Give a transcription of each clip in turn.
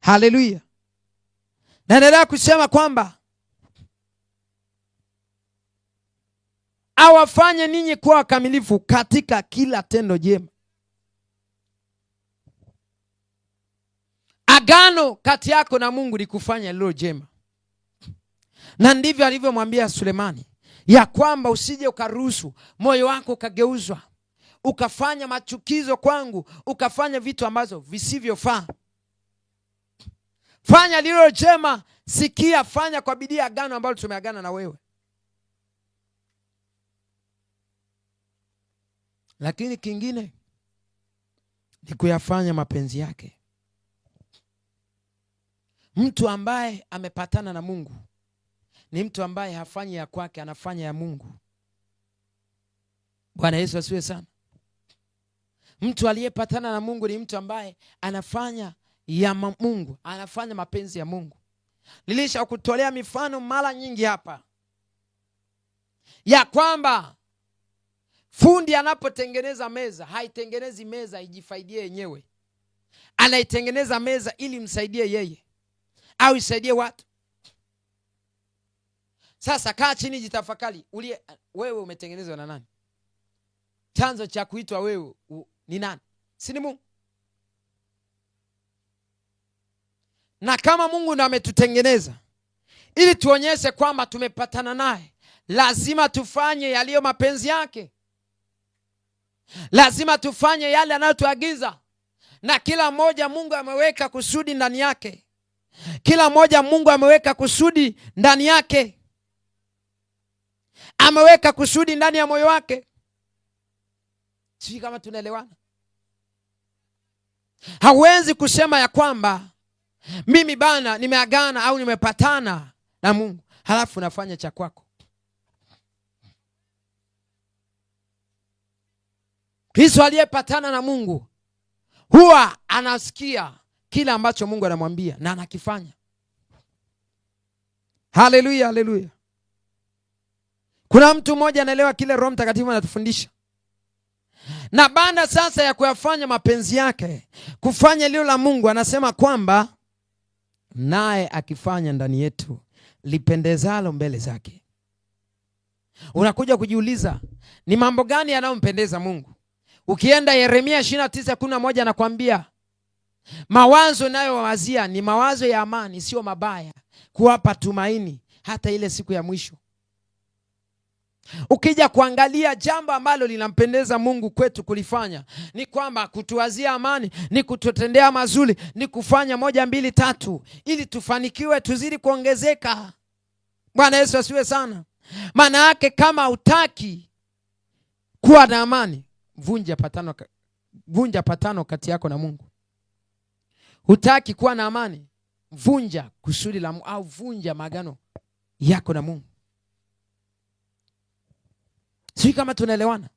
Haleluya. Naendelea kusema kwamba awafanye ninyi kuwa wakamilifu katika kila tendo jema. Agano kati yako na Mungu ni kufanya lilo jema, na ndivyo alivyomwambia Sulemani ya kwamba usije ukaruhusu moyo wako ukageuzwa ukafanya machukizo kwangu ukafanya vitu ambazo visivyofaa fanya lilo jema, sikia, fanya kwa bidii agano ambalo tumeagana na wewe. Lakini kingine ni kuyafanya mapenzi yake. Mtu ambaye amepatana na Mungu ni mtu ambaye hafanyi ya kwake, anafanya ya Mungu. Bwana Yesu asiwe sana. Mtu aliyepatana na Mungu ni mtu ambaye anafanya ya Mungu, anafanya mapenzi ya Mungu. kutolea mifano mara nyingi hapa ya kwamba fundi anapotengeneza meza haitengenezi meza ijifaidie yenyewe, anaitengeneza meza ili msaidie yeye au isaidie watu. Sasa kaa chini, jitafakari, ulie wewe umetengenezwa na nani? Chanzo cha kuitwa wewe u, ni nani? Si ni Mungu? Na kama Mungu ndiye ametutengeneza ili tuonyeshe kwamba tumepatana naye, lazima tufanye yaliyo mapenzi yake, lazima tufanye yale anayotuagiza. Na kila mmoja Mungu ameweka kusudi ndani yake, kila mmoja Mungu ameweka kusudi ndani yake, ameweka kusudi ndani ya moyo wake. sii kama tunaelewana. Hawezi kusema ya kwamba mimi bana nimeagana au nimepatana na Mungu, halafu nafanya cha kwako. Kristo aliyepatana na Mungu huwa anasikia kila ambacho Mungu anamwambia na anakifanya. Haleluya, haleluya. Kuna mtu mmoja anaelewa kile Roho Mtakatifu anatufundisha na baada sasa ya kuyafanya mapenzi yake, kufanya lilo la Mungu, anasema kwamba naye akifanya ndani yetu lipendezalo mbele zake. Unakuja kujiuliza ni mambo gani yanayompendeza Mungu? Ukienda Yeremia ishirini tisa kumi na moja anakuambia mawazo inayowazia ni mawazo ya amani, sio mabaya, kuwapa tumaini hata ile siku ya mwisho. Ukija kuangalia jambo ambalo linampendeza Mungu kwetu kulifanya ni kwamba kutuwazia amani, ni kututendea mazuri, ni kufanya moja mbili tatu, ili tufanikiwe, tuzidi kuongezeka. Bwana Yesu asiwe sana. Maana yake kama hutaki kuwa na amani, vunja patano, vunja patano kati yako na Mungu. Hutaki kuwa na amani, vunja kusudi la au vunja maagano yako na Mungu. Sijui kama tunaelewana.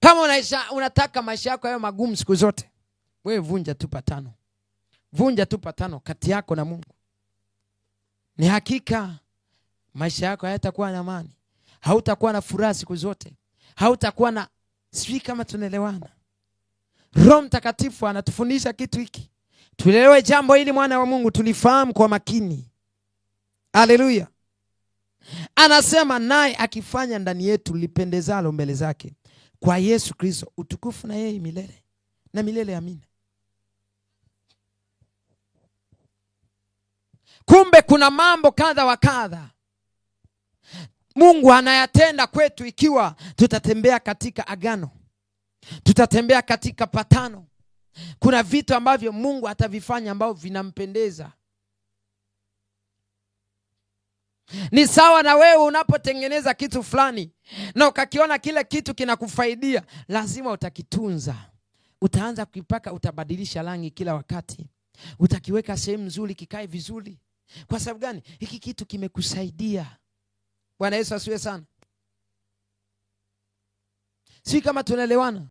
Kama unaisha, unataka maisha yako yawe magumu siku zote, wewe vunja tu patano, vunja tu patano kati yako na Mungu. Ni hakika maisha yako hayatakuwa na amani, hautakuwa na furaha siku zote, hautakuwa na. Sijui kama tunaelewana. Roho Mtakatifu anatufundisha kitu hiki, tuelewe jambo hili, mwana wa Mungu, tulifahamu kwa makini. Haleluya! Anasema naye akifanya ndani yetu lipendezalo mbele zake kwa Yesu Kristo, utukufu na yeye milele na milele, amina. Kumbe kuna mambo kadha wa kadha Mungu anayatenda kwetu ikiwa tutatembea katika agano, tutatembea katika patano. Kuna vitu ambavyo Mungu atavifanya ambavyo vinampendeza. Ni sawa na wewe unapotengeneza kitu fulani na ukakiona kile kitu kinakufaidia, lazima utakitunza, utaanza kuipaka, utabadilisha rangi kila wakati, utakiweka sehemu nzuri, kikae vizuri. Kwa sababu gani? Hiki kitu kimekusaidia. Bwana Yesu asiwe sana, si kama tunaelewana.